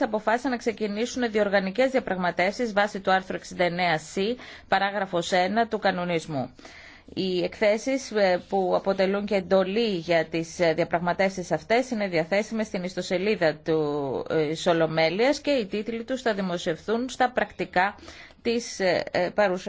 αποφάσισαν να ξεκινήσουν διοργανικές διαπραγματεύσεις βάσει του άρθρου 69C, παράγραφος 1 του κανονισμού. Οι εκθέσεις ε, που αποτελούν και εντολή για τις ε, διαπραγματεύσεις αυτές είναι διαθέσιμες στην ιστοσελίδα του ε, Σολομέλειας και οι τίτλοι του θα δημοσιευθούν στα πρακτικά της παρουσιά.